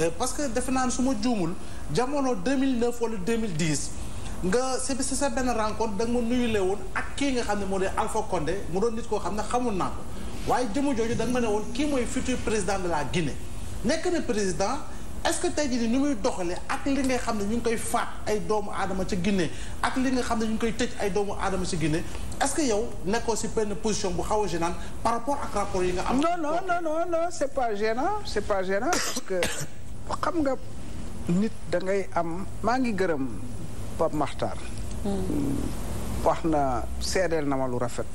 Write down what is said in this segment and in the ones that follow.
Euh, parce que defe naa ne su ma juumul jamono 2009 wala 2010 nga si si sa benn rencontre da nga ma nuyule woon ak kii nga xam ne moo di Alpha Condé mu doon nit koo xam ne xamul naa ko waaye jëmu jooju da ma ne woon kii mooy futur président de la Guinée nekk na président. est-ce que tey jii ni muy doxalee ak li nga xam ne ñu ngi koy faat ay doomu aadama ci Guinée ak li nga xam ne ñu ngi koy tëj ay doomu aadama ci Guinée est que yow nekkoo si benn position bu xaw a gênant par rapport ak rapport yi nga am. non non non non c'est pas gênant c'est pas gênant parce xam nga nit da ngay am maa ngi gërëm Pape Makhtar hmm. wax na seedeel na ma lu rafet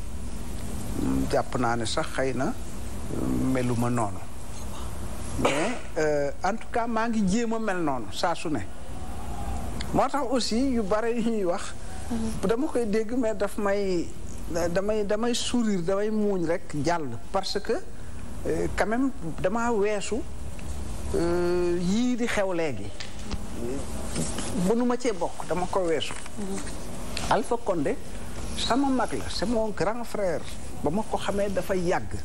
hmm, jàpp naa ne sax xëy na hmm, meluma noonu mais euh, en tout cas maa ngi jéem a mel noonu saa su ne moo tax aussi yu bare yu ñuy wax dama koy dégg mais daf may damay damay sourire damay muuñ rek jàll parce que euh, quand dama weesu Euh, yii di xew léegi mënuma cee bokk dama ko weesu Alpha Condé sama mag la c'est grand frère ba ma ko xamee dafa yàgg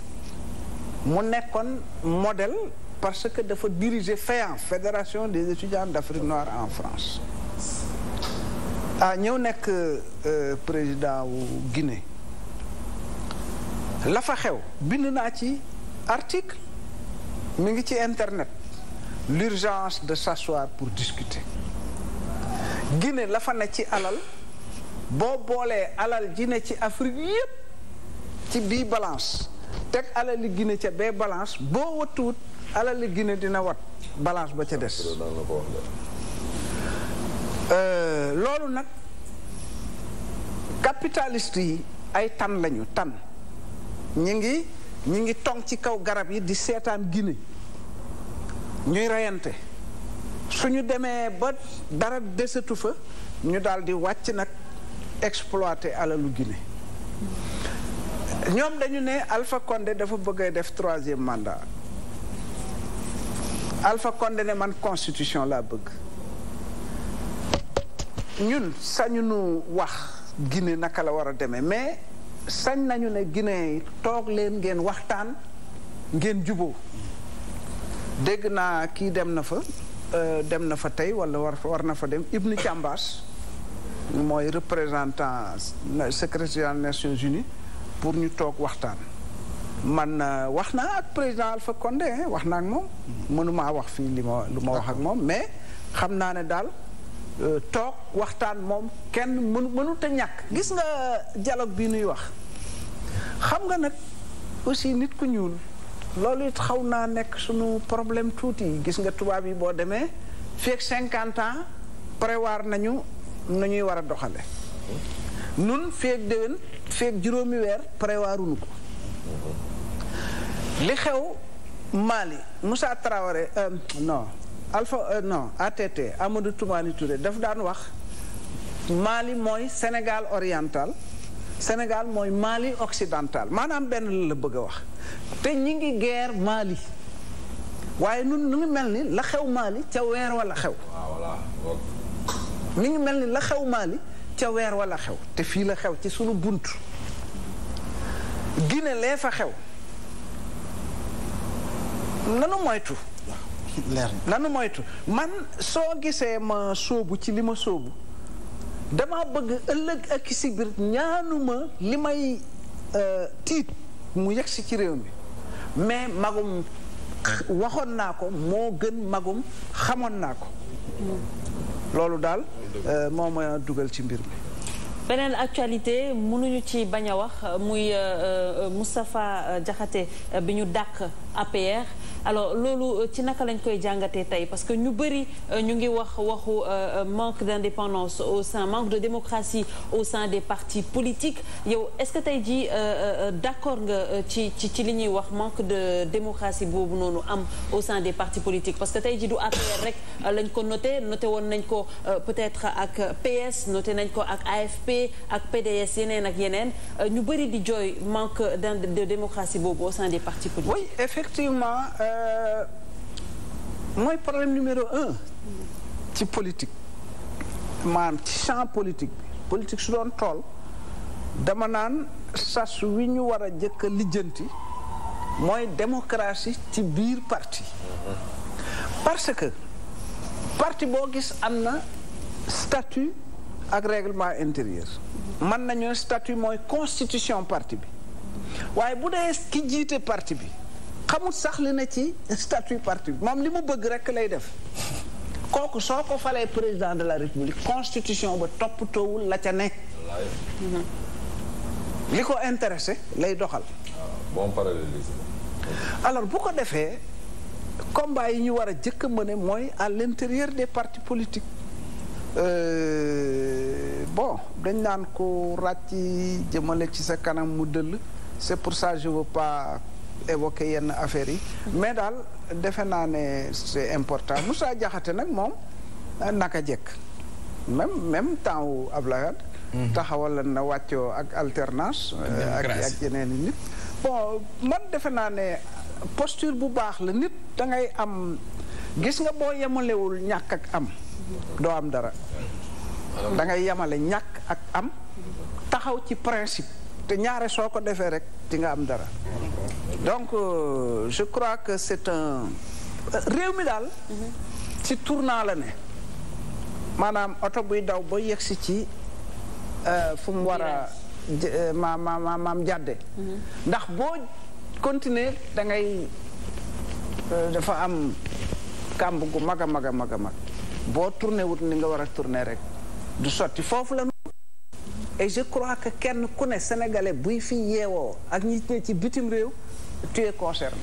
mu nekkoon modèle parce que dafa diriger FEAN fédération des étudiants d'Afrique noire en France ah ñëw nekk euh, président wu Guinée lafa xew bind naa ci article mu ngi ci internet l'urgence de s'asseoir pour discuter Guinée la fa ci alal boo boolee alal ji ci Afrique yépp ci bii balance teg alali Guinée ca bee balance boo wattuwut alali Guinée dina wat balance ba ca des euh, loolu nag capitaliste yi ay tan lañu tan ñi ngi ñi ngi tong ci kaw garab yi di seetaan Guinée ñuy reyante suñu demee ba dara desatu fa ñu daal di wàcc nag exploité alalu Guinée ñoom dañu ne Alpha Condé dafa bëgg def troisième mandat Alpha Condé ne man constitution laa bëgg ñun sañu nu wax Guinée naka la war a demee mais sañ nañu ne Guinée yi toog leen ngeen waxtaan ngeen juboo dégg naa kii dem na fa euh, dem na fa tey wala war war na fa dem Ibn Cambas mooy représentant secrétaire des Nations Unies pour ñu toog waxtaan man na euh, wax naa ak président Alpha Condé wax naa ak moom mënumaa wax fii li ma lu ma wax ak moom mais xam naa ne daal euh, toog waxtaan moom kenn mënu mënut a ñàkk gis nga dialogue bii nuy wax xam nga nag aussi nit ku ñuul loolu it xaw naa nekk suñu problème tuuti gis nga tubaab yi boo demee fii cinquante ans prévoir nañu nu ñuy war a doxale nun fii ak déwén juróomi weer prévoiruñu ko li xew Mali Moussa traware euh, non Alpha euh, non ATT Amadou Toumani daf daan wax Mali mooy Sénégal oriental Sénégal mooy Mali occidental maanaam benn la la bëgg a wax te ñi ngi geer Mali waaye nun nu ngi mel ni la xew Mali ca weer wala xew ah, mi ngi mel ni la xew Mali ca weer wala xew te fii la xew ci sunu bunt Guinée lee fa xew nanu moytu nanu moytu man soo gisee ma sóobu ci li ma sóobu dama bëgg ëllëg ak si biir ñaanuma li may euh, tiit mu yegg si ci réew mi mais magum waxoon naa ko moo gën magum xamoon naa ko loolu daal euh, moo ma dugal ci mbir mi beneen actualité mënuñu ci bañ a wax muy euh, euh, Moustapha jaxate bi ñu dàq APR alors loolu euh, ci naka lañ koy jàngatee tey parce que ñu bëri euh, ñu ngi wax waxu euh, manque d'indépendance au sein manque de démocratie au sein des partis politiques yow est-ce que tey jii d'accord nga ci ci ci li ñuy wax manque de démocratie boobu noonu am au sein des partis parce que tey jii du APR rek lañ ko noté noté woon nañ ko peut-être ak PS noté nañ ko ak AFP ak PDS yeneen ak yeneen ñu bëri di jooy manque de démocratie boobu au sein des partis politiques oui effectivement Euh, mooy problème numéro un ci politique maanaam ci champ politique bi politique su doon tool dama naan sas wi ñu war a jëkk a lijjanti mooy démocratie ci biir parti parce que parti boo gis am na statu ak règlement intérieur mën nañu statut mooy constitution parti bi waaye bu dee ki jiite parti bi xamul sax li na ci statut parti moom li mu bëgg rekk lay def kooku soo ko falee président de la république constitution ba toppatoowul la ca ne li ko intéressé lay doxal ah, bon parallélisme alors bu ko defee combat yi ñu war a jëkk ne mooy à l'intérieur des partis politique euh, bon dañ naan ko ràcc jëmale ci sa kanam mu dëll c'est pour ça je veux pas évoqué yenn affaires yi mais daal defe naa ne c'est important Moussa Diakhaté nag moom euh, naka jekk même même temps wu Ablaye mhm. taxawal na wàccoo ak alternance euh, ak ak yeneen i nit bon man defe naa ne posture bu baax la nit da ngay am gis nga boo yemalewul ñàkk ak am doo am dara da ngay yemale ñàkk ak am taxaw ci principe te ñaare soo ko defee rek ci nga am dara donc euh, je crois que c'est un euh, réew mi daal ci tournant la ne maanaam oto buy daw ba yegsi ci euh, fu mu war a ma maam jàdde mhm. ndax boo continuer da ngay dafa am kàmb gu mag a mag a mag a mag boo tourné wut ni nga war a tourné rek du sotti foofu la et je crois que kenn ku ne sénégalais buy fi yeewoo ak ñi ne ci bitim réew tu es concerné.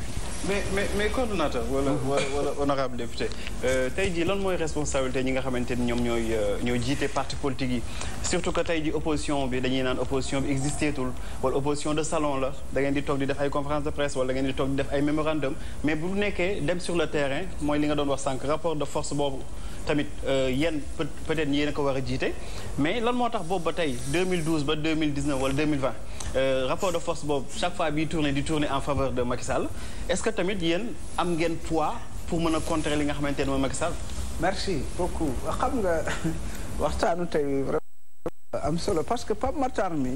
mais mais mais coordonnateur wala wala honorable député euh, tey jii lan mooy responsabilité ñi nga xamante ni ñoom ñooy euh, ñooy jiite parti politique yi surtout que tey jii opposition bi dañuy naan opposition bi existeetul wala opposition de salon la da ngeen di toog di def ay conférence de presse wala da ngeen di toog di def ay mémorandum mais bu nekkee dem sur le terrain mooy li nga doon wax sànq rapport de force boobu tamit euh, yéen peut-être yéen a ko war a jiite mais lan moo tax boobu ba tey 2012 ba 2019 wala 2020 euh, rapport de force boobu chaque fois biy tourné di tourné en faveur de Macky Sall est-ce que tamit yéen am ngeen poids pour mën a contrer li nga xamante ne mooy Macky Sall. merci beaucoup xam nga waxtaanu tey vraiment am solo parce que Pape Matar mi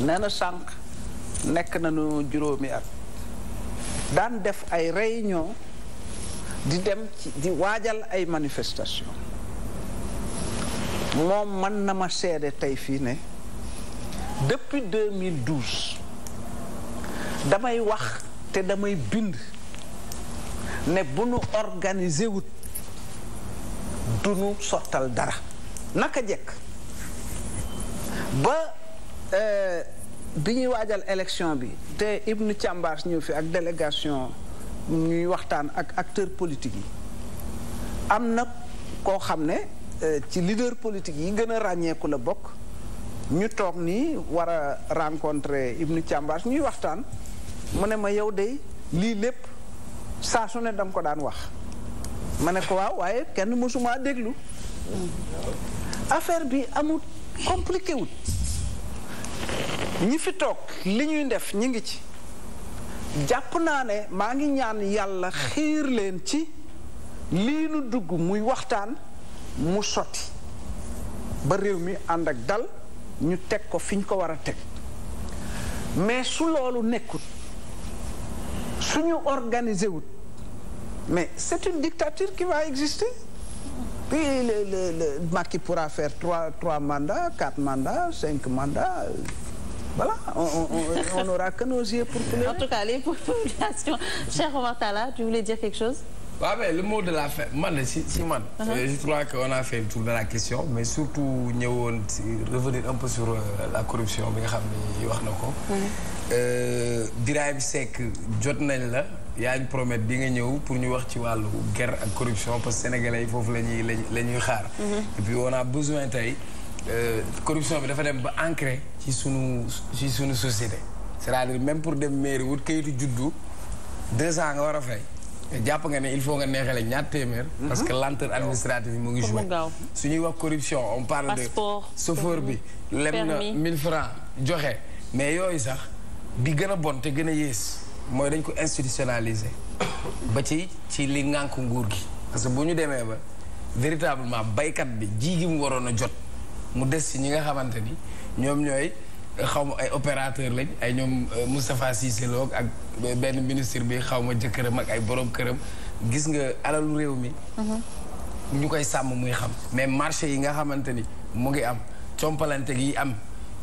nee na sànq nekk nañu juróomi at daan def ay réunion di dem ci di waajal ay manifestation moom mën na ma seede tey fii ne depuis 2012 damay wax te damay bind ne bu nu organiser wut du nu sottal dara naka jekk ba euh, bi ñuy waajal élection bi te Ibnu Càmbaas ñëw fii ak délégation ñuy waxtaan ak acteur politiques yi am na koo xam ne euh, ci leader politique yi gën a ràññeeku la bokk ñu toog nii war a rencontrer Ibnu Càmbaas ñuy waxtaan mu ne ma yow de lii lépp saa su ne dama ko daan wax ma ne ko waaw waaye kenn mësuma déglu affaire bi amul compliqué wut ñi fi toog li ñuy def ñi ngi ci jàpp naa ne maa ngi ñaan yàlla xiir leen ci lii nu dugg muy waxtaan mu sotti ba réew mi ànd ak dal ñu teg ko fiñ ko war a teg mais su loolu nekkut suñu organiser wut mais c'est une dictature qui va exister puis le le le Macky pourra faire trois trois mandats quatre mandats cinq mandats voilà on n'aura que nos en tout cas les populations Cheikh Oumar Talla tu voulais dire quelque chose. waaw mais le mot la fin man la si man. Uh-huh. Euh, je crois que on a fait le de la question mais surtout ñëwoon si revenir un peu sur euh, la corruption bi nga xam ni wax na ko. Uh-huh. Euh, Birahim Seck jot nañ la yaa ngi promet di nga ñëw pour ñu wax ci wàllu guerre ak corruption parce que sénégalais yi foofu la ñuy la ñuy xaar. Uh-huh. et on a besoin tey. Euh, corruption bi dafa dem ba ancré ci sunu ci sunu société c'est-à-dire même pour dem mairie wut kayitu juddu deux ans nga war a fay jàpp nga ne il faut nga neexale ñaar téeméer parce que mhm. lenteur administrative bi mu ngi joué su ñuy wax corruption on parle de chauffeur bi lem na mille francs joxe mais yooyu sax bi gën a bon te gën a yées mooy dañ ko institutionnaliser ba ci ci li ngànk nguur gi parce que bu ñu demee ba véritablement baykat bi ji gi mu waroon a jot mu des ci ñi nga xamante ni ñoom ñooy xaw ma ay opérateur lañ ay ñoom euh, Moustapha Cissé ak benn ministre bi xaw ma jëkkëram ak ay borom këram gis nga alalu réew mi. Mhm. ñu koy sàmm muy xam mais marché yi nga xamante ni mu ngi am compalante gi am.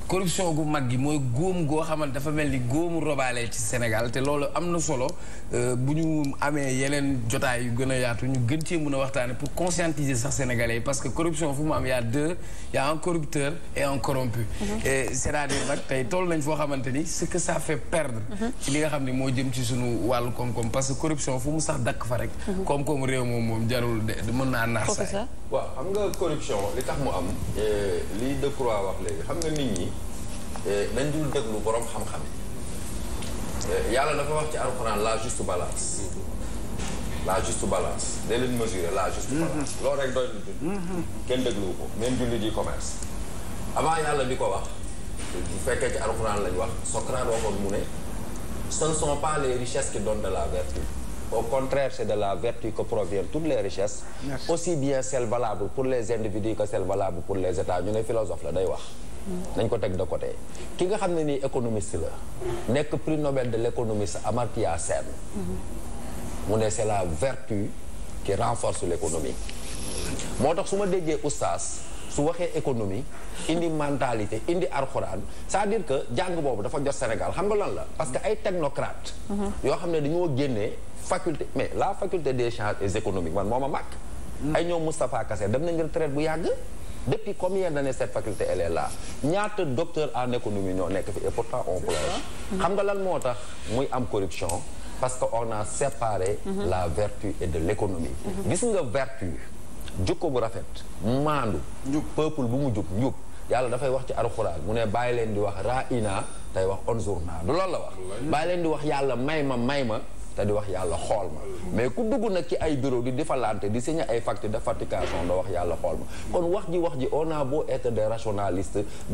corruption gu mag gi mooy góom goo xamante dafa mel ni góomu robaale ci Sénégal te loolu am na solo euh, bu ñu amee yeneen jotaay yu gën a yaatu ñu gën cee mun a waxtaane pour conscientiser sax sénégalais parce que corruption fu mu am y a deux y a un corrupteur et un corrompu mm-hmm. et c'est-à-dire nag tey toll nañ foo xamante ni ce que ça fait perdre mm-hmm. ci li nga xam ne moo jëm ci suñu wàllu koom parce que corruption fu mu sax dakk fa mm-hmm. koom-koom réew moom moom jarul de mën naa naax saay waaw xam nga corruption li tax mu am euh, li de croix wax léegi xam nga nit ñi Euh, nañ dul déglu borom xam-xam yi euh, yàlla dafa wax ci alxuraan la juste balance la juste balance day leen mesurer la juste mhm. balance loolu rek doy na mhm. ko même julli di commerce avant yàlla di ko wax bu fekkee ci alxuraan lañ wax Socrate waxoon mu ne ce ne sont pas les richesses qui donnent la vertu au contraire c'est de la vertu que proviennent toutes les richesses Merci. aussi bien celles valables pour les individus que les états ñu ne philosophe la day wax nañ ko teg de côté ki nga xam ne nii économiste la nekk prix Nobel de l'économiste Amartya Sen mu ne c'est la vertu qui renforce l'économie moo tax su ma déggee oustaz su waxee économie indi mentalité indi arxuraan c'est-à-dire que jàng boobu dafa jot Sénégal xam nga lan la parce que ay technocrate yoo xam ne dañoo génnee faculté mais la faculté des sciences économiques man moo ma màkk ay ñoom Moustapha Kassé dem nañ retraite bu yàgg depuis combien d'années cette faculté elle est là ñaata docteur en économie ñoo nekk fi et pourtant on xam nga lan moo tax muy am corruption parce que on a séparé mhm. la vertu et de l'économie mhm. gis nga vertu jukko bu rafet maandu njub peuple bu mu jub njub yàlla dafay wax ci alxuraan mu ne bàyyi leen di wax raa naa tey wax onzurna du loolu la wax bàyyi leen di wax yàlla may ma may ma te di wax yàlla xool ma mais ku dugg nag ci ay bureau di defalante di signé ay facture de facturation doo wax yàlla xool ma kon wax ji wax ji on a beau être des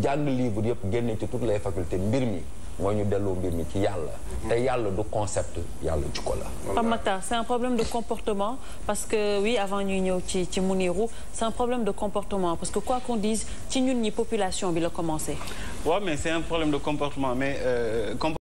jàng livre yëpp génne ci toutes les facultés mbir mi mooy ñu delloo mbir mi ci yàlla te yàlla du concept yàlla jukko la Pape Makhtar c'est un problème de comportement parce que oui avant ñuy ñëw ci ci Mounirou c'est un problème de comportement parce que quoi qu'on dise ci ñun ñi population bi la commencé waaw mais c'est un problème